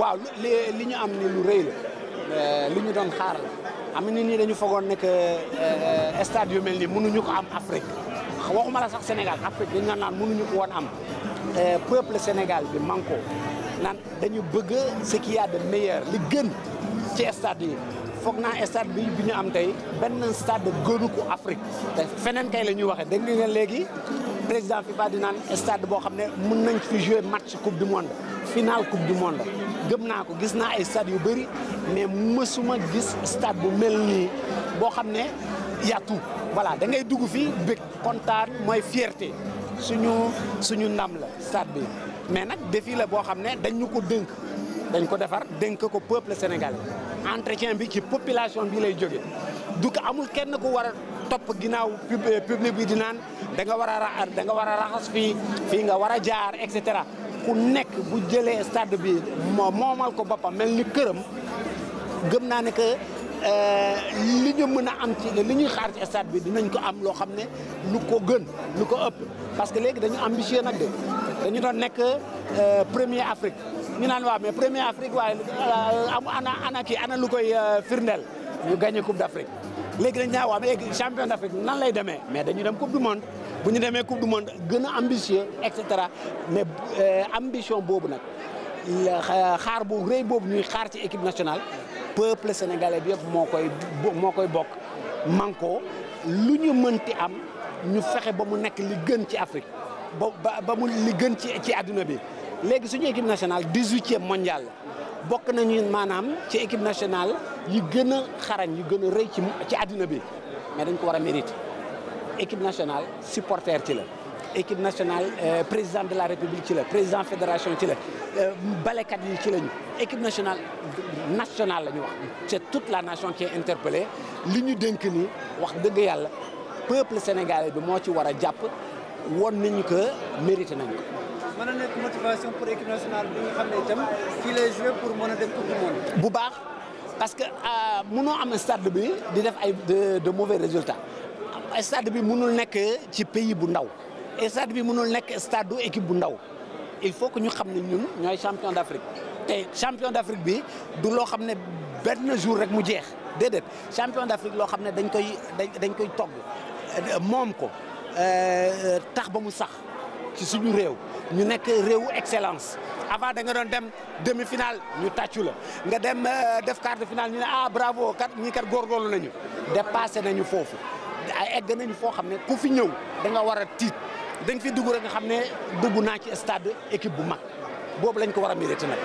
waaw li ñu am ni lu rëy euh, li ñu doon xaar am na nii dañu fogoon nekk euh, stade yu mel nii mënuñu ko am Afrique waxuma sax Sénégal Afrique dañu naan mënuñu ko woon am euh, peuple Sénégal bi manko naan dañu bëgg ce a de meilleur li gën ci stade yi foog naa stade bi bi ñu am tey benn stade gënu ko Afrique te feneen kay la ñuy waxee dégg léegi président FIFA di naan stade boo xam ne mun nañ fi jouer match coupe du monde finale coupe du monde gëm naa ko gis naa ay stade yu bëri mais mësuma gis stade bu mel nii boo xam ne y a tout voilà da ngay dugg fii bëgg kontaan mooy fierté suñu suñu ndam la stade bi mais nag défi la boo xam ne dañ ko dënk dañ ko defar dënk ko peuple sénégal entretien bi ci population bi lay jóge du ko amul kenn ku war a topp ginnaaw euh, public bi di naan da war a da nga war a raxas fii fii nga war a jaar et cetera ku nekk bu jëlee stade bi moo moomal ko boppam mel ni këram gëm naa ne que euh, li ñu mën a am li ñuy xaar ci stade bi dinañ ko am loo xam ne lu ko gën lu ko ëpp parce que léegi dañu ambitieux nag de dañu doon nekk euh, premier Afrique ñu naan waa mais premier Afrique waaye euh, am ana ana kii ana lu koy euh, firndeel ñu gagné coupe d' léegi dañ ñaaw waaw léegi champion d' Afrique nan lay demee mais dañu dem coupe du monde bu ñu demee coupe du monde gën a ambitieux et cetera mais euh, ambition boobu nag xaar bu rëy boobu ñuy xaar ci équipe nationale peuple sénégalais bi yëpp moo koy moo koy bokk manko lu ñu mënti am ñu fexe ba mu nekk li gën ci Afrique ba ba mu li gën ci ci àdduna bi léegi suñu équipe nationale dix-huitième mondial la bokk nañu maanaam ci équipe national yi gën a xarañ yi gën a rëy ci ci bi mais dañ ko war a mérite équipe national supporter ci la équipe national euh, président de la république ci la président fédération ci la euh, balekat yi ci lañu équipe national national la ñu wax c'est toute la nation qui est li ñu dénk nii wax dëgg yàlla peuple sénégalais bi moo ci war a jàpp woon nañu que mérité nañ mën a nekk motivation pour équipe nationale bi nga xam ne itam fii lay joué pour mën a dem coupe baax parce que euh, mënoo am stade bi di def ay de de mauvais résultats stade bi mënul nekk ci pays bu ndaw stade bi mënul nekk stade équipe bu ndaw il faut que ñu xam ne ñun ñooy champion d'Afrique te champion d'Afrique bi du loo xam ne benn jour rek mu jeex déedéet champion d'Afrique loo xam ne dañ koy dañ koy togg euh, moom ko euh, tax ba mu sax ci suñu réew. ñu nekk réewu excellence avant da nga doon dem demi-finale ñu tàccu la nga dem euh, def quart de finale ñu ne ah bravo kat ñii kat góorgóorlu nañu dépassé nañu foofu ay egg nañu foo xam ne ku fi ñëw da nga war a tiit da nga fi dugg nga xam ne dugg naa ci stade équipe bu mag boobu lañ ko war a mérité nag.